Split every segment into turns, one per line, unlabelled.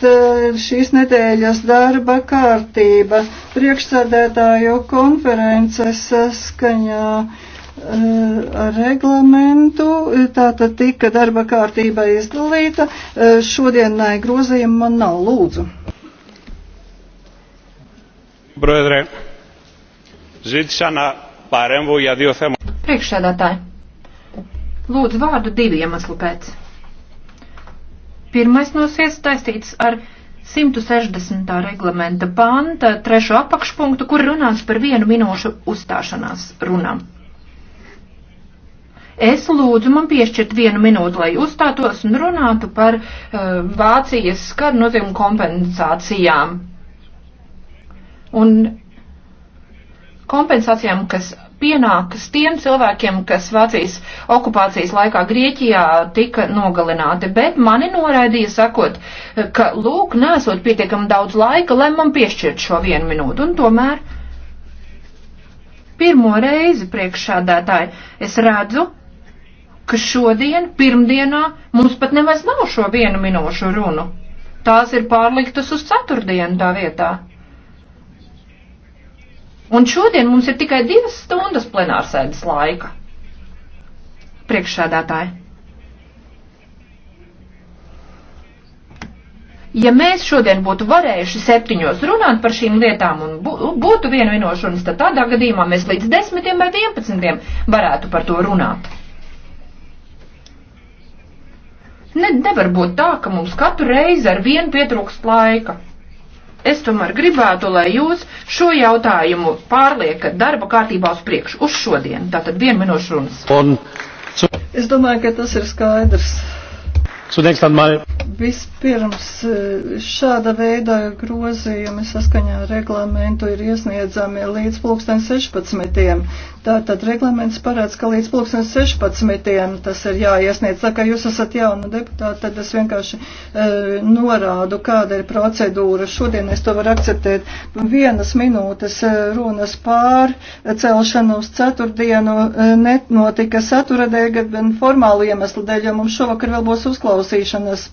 Eh, šīs nedēļas darba kārtība priekšsēdētāju konferences saskaņā eh, reglamentu, tātad tika darba kārtība izdalīta, eh, šodienai grozījuma man nav lūdzu.
Brodre, Zitsana pāremvu, ja divi
Priekšsēdētāji, lūdzu vārdu divu iemeslu pēc. Pirmais nosies taistīts ar 160. reglamenta panta trešo apakšpunktu, kur runāts par vienu minūšu uzstāšanās runām. Es lūdzu man piešķirt vienu minūti, lai uzstātos un runātu par uh, Vācijas skaru notieku kompensācijām. Un kompensācijām, kas pienākas tiem cilvēkiem, kas Vācijas okupācijas laikā Grieķijā tika nogalināti, bet mani noraidīja sakot, ka lūk, nesot pietiekam daudz laika, lai man piešķirt šo vienu minūtu, un tomēr pirmo reizi priekšsādātāji es redzu, ka šodien, pirmdienā, mums pat nemaz nav šo vienu minūšu runu. Tās ir pārliktas uz ceturtdienu tā vietā. Un šodien mums ir tikai divas stundas plenārsēdes laika. Priekšsēdētāji. Ja mēs šodien būtu varējuši septiņos runāt par šīm lietām un būtu vienvienošanas, tad tādā gadījumā mēs līdz desmitiem vai vienpadsmitiem varētu par to runāt. Ne, nevar būt tā, ka mums katru reizi ar vienu pietrūkst laika. Es tomēr gribētu, lai jūs šo jautājumu pārliekat darba kārtībā uz priekšu, uz šodien. Tātad vienu minūšu runas. Es domāju, ka tas ir skaidrs. Zunächst einmal. Vispirms e,
šāda veida grozījumi saskaņā ar reglamentu ir iesniedzami līdz pulksten 16. Tātad reglaments parāds, ka līdz pulksten 16. tas ir jāiesniedz. Tā kā jūs esat jauna deputāta, tad es vienkārši e, norādu, kāda ir procedūra. Šodien es to varu akceptēt. Vienas minūtes e, runas pārcelšana e, uz ceturtdienu nenotika satura dēļ, bet formāli iemeslu dēļ, jo mums šovakar vēl būs uzklausīšana uzklausīšanas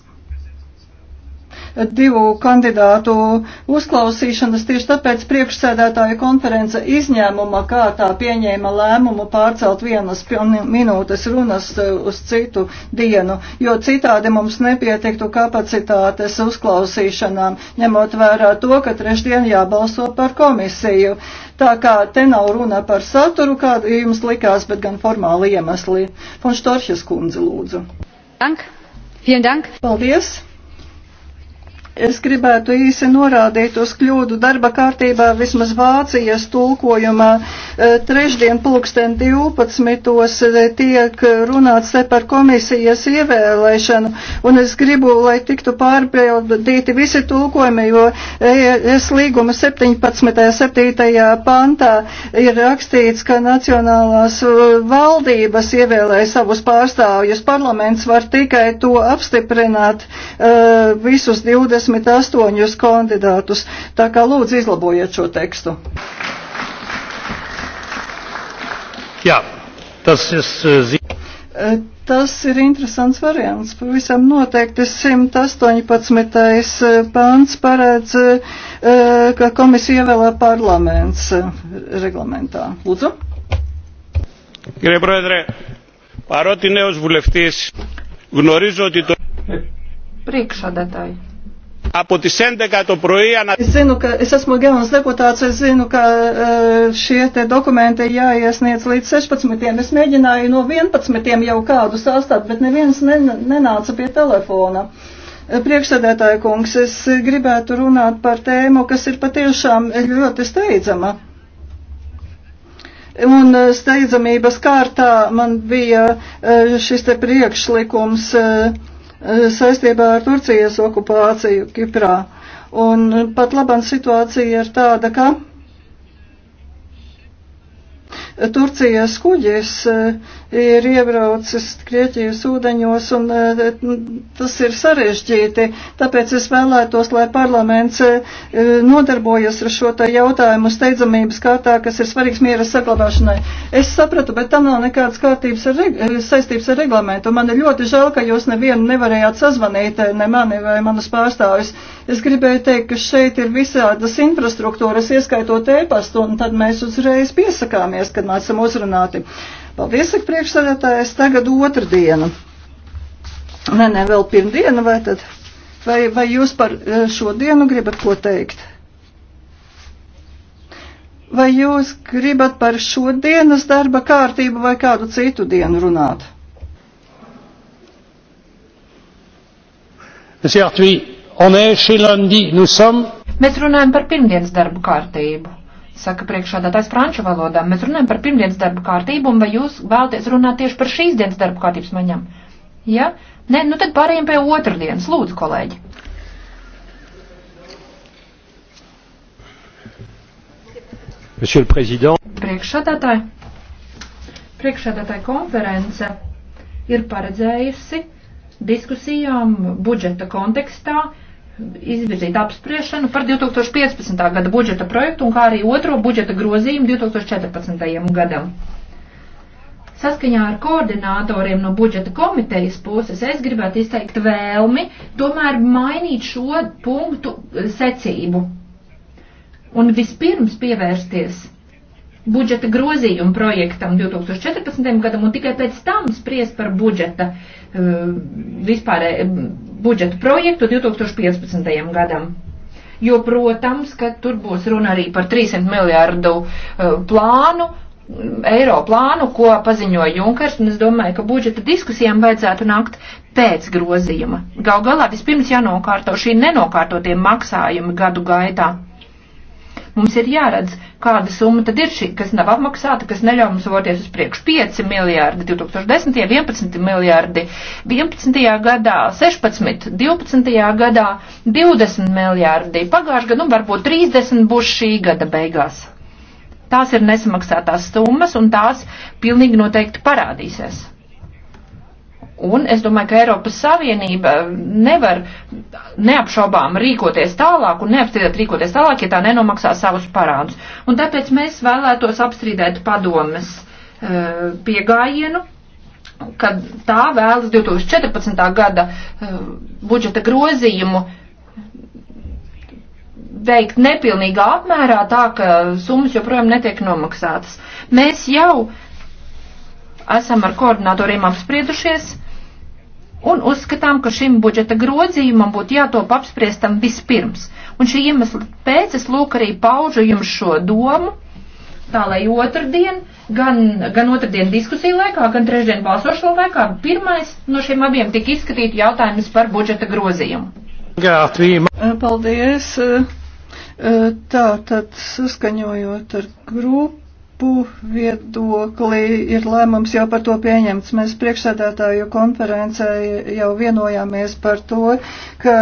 divu kandidātu uzklausīšanas, tieši tāpēc priekšsēdētāja konference izņēmuma kārtā pieņēma lēmumu pārcelt vienas minūtes runas eh, uz citu dienu, jo citādi mums nepietiktu kapacitātes uzklausīšanām, ņemot vērā to, ka trešdien jābalso par komisiju. Tā kā te nav runa par saturu, kāda jums likās, bet gan formāli iemesli. Fonštoršas kundze lūdzu. Dank. Vielen Dank! Paldies! Es gribētu īsi norādīt uz kļūdu darba kārtībā vismaz Vācijas tulkojumā. E, trešdien pulksten 12. E, tiek runāts te par komisijas ievēlēšanu, un es gribu, lai tiktu pārpildīti visi tulkojumi, jo es līguma 17. 7. pantā ir rakstīts, ka nacionālās e, valdības ievēlē savus pārstāvjus. Parlaments var tikai to apstiprināt visus 20. 28 kandidātus. Tā kā lūdzu izlabojiet šo tekstu.
Jā, tas e, ir.
E, tas ir interesants variants. Pavisam noteikti 118. pāns paredz, e, ka komisija ievēlē parlaments reglamentā. Lūdzu.
Κύριε Πρόεδρε, παρότι νέος βουλευτής γνωρίζω ότι το...
Πρίξα, δατάει.
Από τις 11 το πρωί ανα...
Es zinu, ka es esmu Gelnas deputāts, es zinu, ka e, šie te dokumenti jāiesniedz līdz 16. Es mēģināju no 11. jau kādu sastāt, bet neviens nenāca pie telefona. E, priekšsēdētāja kungs, es gribētu runāt par tēmu, kas ir patiešām ļoti steidzama. Un e, steidzamības kārtā man bija šis te priekšlikums. Uh, Eh, saistībā ar Turcijas okupāciju Kiprā. Un pat labam situācija ir tāda, ka Turcijas kuģis eh, ir iebraucis Grieķijas ūdeņos, un eh, tas ir sarežģīti. Tāpēc es vēlētos, lai parlaments eh, nodarbojas ar šo jautājumu steidzamības kārtā, kas ir svarīgs miera saglabāšanai. Es sapratu, bet tam nav nekādas kārtības ar saistības ar reglamentu. Man ir ļoti žēl, ka jūs nevienu nevarējāt sazvanīt, ne mani vai manus pārstāvis. Es gribēju teikt, ka šeit ir visādas infrastruktūras, ieskaitot ēpastu, un tad mēs uzreiz piesakāmies, kad mēs esam uzrunāti. Paldies, saka priekšsēdētājs, tagad otrdiena. Nē, nē, vēl pirmdiena, vai tad? Vai, vai jūs par eh, šo dienu gribat ko teikt? Vai jūs gribat par šo dienas darba kārtību vai kādu citu dienu runāt?
Es jā, tvīt.
Mēs runājam par pirmdienas darbu kārtību. Saka priekšādātājs franču valodā. Mēs runājam par pirmdienas darbu kārtību, un vai jūs vēlaties runāt tieši par šīs dienas darbu kārtības maņām? Ja? Nē, nu tad pārējiem pie otrdienas. Lūdzu, kolēģi. Priekšādātāji. Priekšādātāja konference ir paredzējusi diskusijām budžeta kontekstā izvirzīt apspriešanu par 2015. gada budžeta projektu un kā arī otro budžeta grozījumu 2014. gadam. Saskaņā ar koordinātoriem no budžeta komitejas puses es gribētu izteikt vēlmi tomēr mainīt šo punktu secību un vispirms pievērsties budžeta grozījumu projektam 2014. gadam un tikai pēc tam spries par budžeta eh, vispārē budžeta projektu 2015. gadam. Jo, protams, ka tur būs runa arī par 300 miljārdu eh, plānu, eiro plānu, ko paziņoja Junkers, un es domāju, ka budžeta diskusijām vajadzētu nākt pēc grozījuma. Gal galā vispirms jānokārto šī nenokārtotie maksājumi gadu gaitā Mums ir jāredz, kāda summa tad ir šī, kas nav apmaksāta, kas neļauj mums voties uz priekšu. 5 miljārdi 2010, 11 miljārdi 11. gadā, 16, 12. gadā, 20 miljārdi pagājušajā gadā, nu varbūt 30 būs šī gada beigās. Tās ir nesamaksātās summas un tās pilnīgi noteikti parādīsies. Un es domāju, ka Eiropas Savienība um, nevar neapšaubām rīkoties tālāk un neapstrīdēt rīkoties tālāk, ja tā nenomaksā savus parādus. Un tāpēc mēs vēlētos apstrīdēt padomes uh, piegājienu, kad tā vēlas 2014. gada uh, budžeta grozījumu veikt nepilnīgā apmērā, tā ka summas joprojām netiek nomaksātas. Mēs jau esam ar koordinatoriem apspriedušies un uzskatām, ka šim budžeta grozījumam būtu jātop apspriestam vispirms. Un šī iemesla pēc es lūk arī paužu jums šo domu, tā lai otrdien, gan, gan otrdien diskusiju laikā, gan trešdien balsošanu laikā, pirmais no šiem abiem tika izskatīt jautājums par budžeta grozījumu.
Gātvīm.
Paldies. Tā tad saskaņojot ar grupu
grupu viedokli ir lēmums jau par to pieņemts. Mēs priekšsēdētāju konferencē jau vienojāmies par to, ka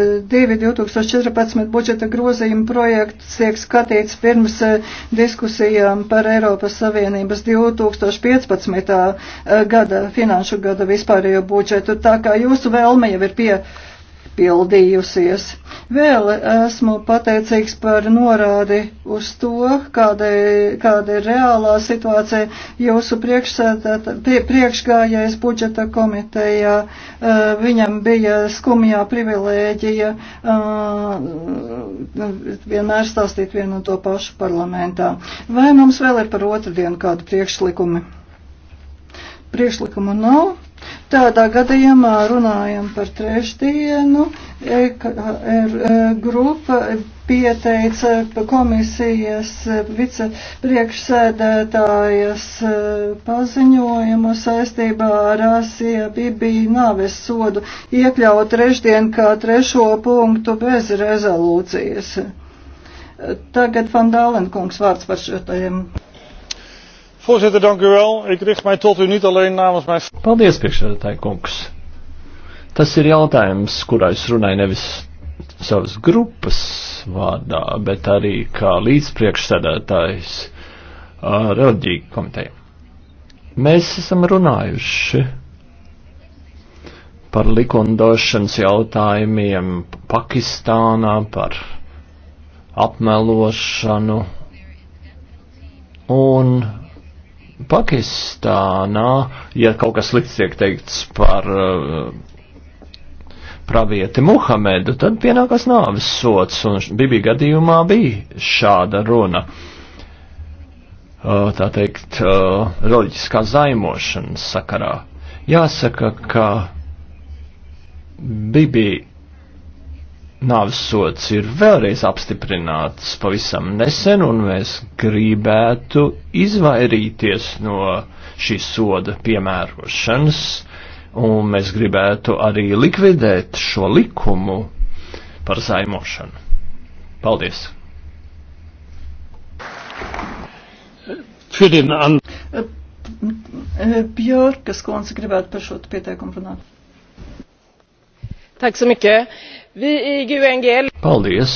e, divi 2014 budžeta grozījuma projekts tiek skatīts pirms e, diskusijām par Eiropas Savienības 2015. E, gada finanšu gada vispārējo budžetu. Tā kā jūsu vēlme jau ir pie pildījusies. Vēl esmu pateicīgs par norādi uz to, kāda, kāda ir reālā situācija jūsu priekšgājais budžeta komitejā. Eh, viņam bija skumjā privilēģija eh, vienmēr stāstīt vienu un to pašu parlamentā. Vai mums vēl ir par otru dienu kādu priekšlikumi? Priekšlikumu nav. Tādā gadījumā runājam par trešdienu. EKR e, e, grupa pieteica komisijas vicepriekšsēdētājas e, paziņojumu saistībā ar Asija Bibija nāves sodu iekļaut trešdien kā trešo punktu bez rezolūcijas. Tagad Fandālenkungs vārds par šo tēmu.
Voorzitter, dank u wel. Ik richt mij tot u niet alleen namens mijn... Paldies, priekšsēdētāji kungs. Tas ir jautājums, kurā es runāju nevis savas grupas vārdā, bet arī kā līdzpriekšsēdētājs uh, reliģiju komiteja. Mēs esam runājuši par likumdošanas jautājumiem Pakistānā, par apmelošanu un Pakistānā, ja kaut kas slikts tiek teikts par eh, pravieti Muhamedu, tad pienākas nāves sots, un Bibi gadījumā bija šāda runa. Eh, tā teikt, eh, reliģiskā zaimošanas sakarā. Jāsaka, ka Bibi nāves sots ir vēlreiz apstiprināts pavisam nesen, un mēs gribētu izvairīties no šī soda piemērošanas, un mēs gribētu arī likvidēt šo likumu par zaimošanu. Paldies!
Bjorkas kundze gribētu par šo pieteikumu runāt.
Paldies!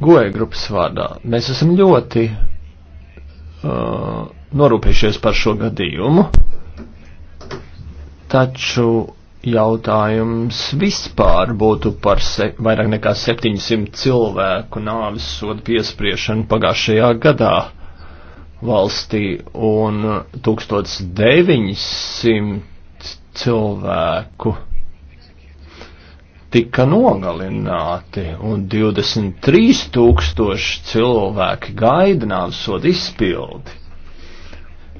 Goja e grupas vārdā. Mēs esam ļoti uh, norūpējušies par šo gadījumu, taču jautājums vispār būtu par se, vairāk nekā 700 cilvēku nāvis sodu piespriešanu pagājušajā gadā valstī un 1900 cilvēku tika nogalināti, un 23 tūkstoši cilvēki gaida nāves sodu izpildi.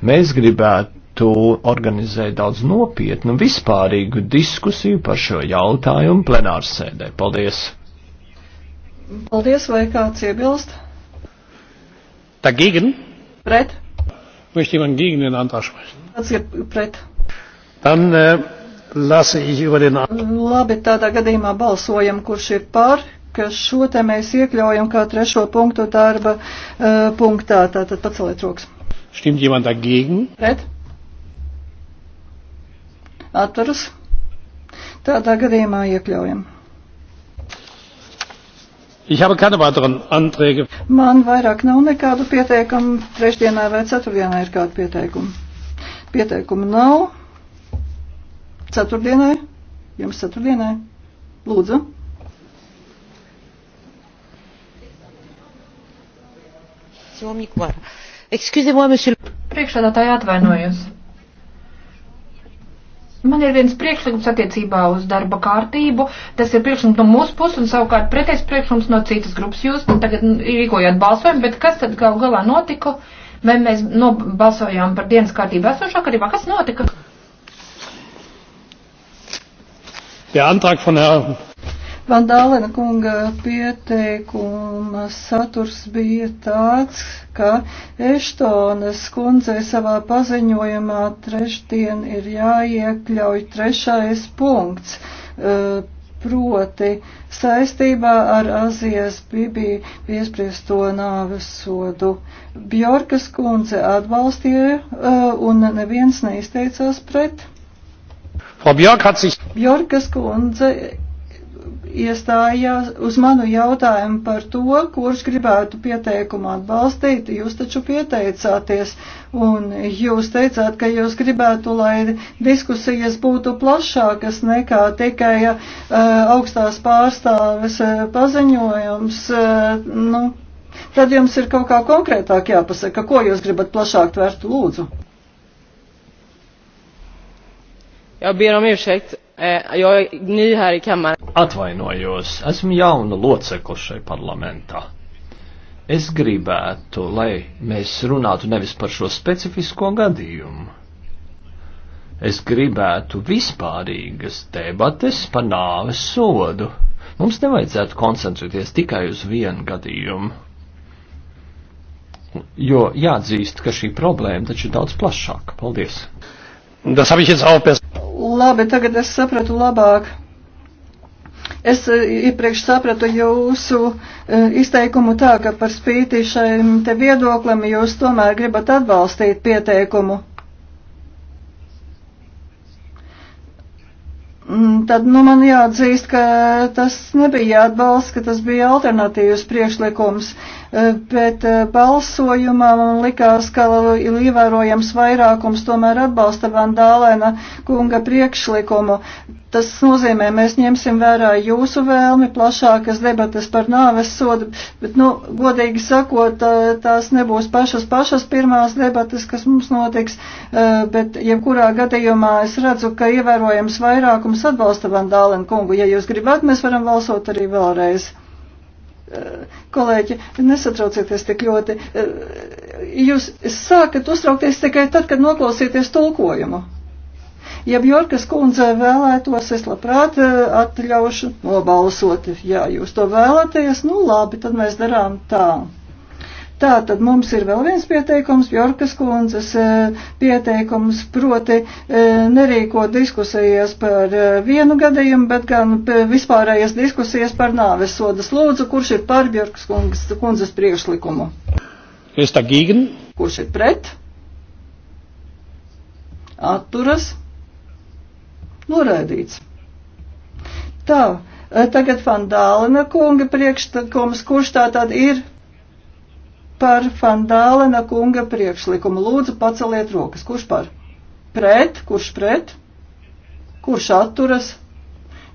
Mēs gribētu organizēt daudz nopietnu vispārīgu diskusiju par šo jautājumu plenārsēdē. Paldies!
Paldies, vai kāds iebilst? Dagegen? Pret? Möchte jemand gegen den Antrag sprechen? Kāds ir pret? Dann äh, eh, lasse ich über den Labi, tādā gadījumā balsojam, kurš ir par, ka šo te mēs iekļaujam kā trešo punktu darba uh, punktā. Tātad paceliet rokas.
Stimmt jemand dagegen?
Pret? Atturas? Tādā gadījumā iekļaujam.
Ich habe keine weiteren Anträge.
Man vairāk nav nekādu pieteikumu. Trešdienā vai ceturtdienā ir kādu pieteikumu. Pieteikumu nav. Ceturtdienai? Jums ceturtdienai? Lūdzu.
Priekšādātāji atvainojos. Man ir viens priekšlikums attiecībā uz darba kārtību. Tas ir priekšlikums no mūsu puses un savukārt pretējs priekšlikums no citas grupas. Jūs nu tagad rīkojāt balsojumu, bet kas tad gal galā notika? Vai mēs nobalsojām par dienas kārtību esošā kārtībā? Kas notika?
Der Antrag von Herrn
Van
Dālena kunga pieteikuma saturs bija tāds, ka Eštonas kundzei savā paziņojumā trešdien ir jāiekļauj trešais punkts, e, proti saistībā ar Azijas Bibī piespriesto nāves sodu. Bjorkas kundze atbalstīja e, un neviens neizteicās pret.
Frau Björk hat sich.
Björkas kundze iestājās uz manu jautājumu par to, kurš gribētu pieteikumu atbalstīt. Jūs taču pieteicāties un jūs teicāt, ka jūs gribētu, lai diskusijas būtu plašākas nekā tikai uh, augstās pārstāves uh, paziņojums. Uh, nu, tad jums ir kaut kā konkrētāk jāpasaka, ko jūs gribat plašāk tvērt lūdzu.
Jag ber om ursäkt. Eh, jag är ny här i kammaren. Atvainojos, esmu jauna locekla šai parlamentā. Es gribētu, lai mēs runātu nevis par šo specifisko gadījumu. Es gribētu vispārīgas debates par nāves sodu. Mums nevajadzētu koncentrēties tikai uz vienu gadījumu. Jo jāatzīst, ka šī problēma taču ir daudz plašāka. Paldies! Das habe ich jetzt auch besser.
Labi, tagad es sapratu labāk. Es eh, iepriekš sapratu jūsu eh, izteikumu tā, ka par spīti šiem te viedoklim jūs tomēr gribat atbalstīt pieteikumu. Mm, tad nu, man jāatzīst, ka tas nebija atbalsts, ka tas bija alternatīvas priekšlikums. Uh, Eh, bet eh, balsojumā man likās, ka ievērojams vairākums tomēr atbalsta Vandālēna kunga priekšlikumu. Tas nozīmē, mēs ņemsim vērā jūsu vēlmi, plašākas debates par nāves sodu, bet, nu, godīgi sakot, eh, tās nebūs pašas pašas pirmās debates, kas mums notiks, bet jebkurā gadījumā es redzu, ka ievērojams vairākums atbalsta Vandālēna kungu. Ja jūs gribat, mēs varam valsot arī vēlreiz kolēģi, nesatraucieties tik ļoti. Jūs sākat uztraukties tikai tad, kad noklausieties tulkojumu. Ja Bjorkas kundze vēlētos, es labprāt eh, atļaušu nobalsot. Ja jūs to vēlaties, nu labi, tad mēs darām tā. Tā tad mums ir vēl viens pieteikums, Jorkas kundzes e, pieteikums, proti e, nerīko diskusijas par e, vienu gadījumu, bet gan vispārējas diskusijas par nāves sodas lūdzu, kurš ir par Jorkas kundzes priekšlikumu.
Er kurš ir
pret? Atturas? Noraidīts. Tā, tagad Fandālina kunga priekšlikums, kurš tā tad ir par Fandālena kunga priekšlikumu. Lūdzu, paceliet rokas. Kurš par? Pret? Kurš pret? Kurš atturas?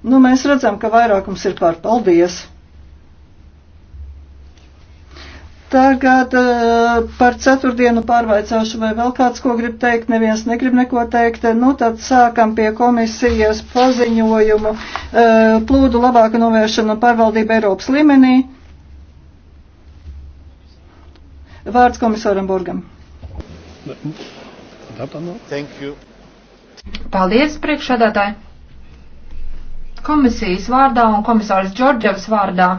Nu, mēs redzam, ka vairākums ir par paldies. Tagad eh, par ceturtdienu pārvaicāšu, vai vēl kāds ko grib teikt, neviens negrib neko teikt. Nu, tad sākam pie komisijas paziņojumu eh, plūdu labāka novēršana pārvaldība Eiropas līmenī. Vārds
komisāram Borgam. Paldies, priekšsēdētāji! Komisijas vārdā un komisārs Džordževs vārdā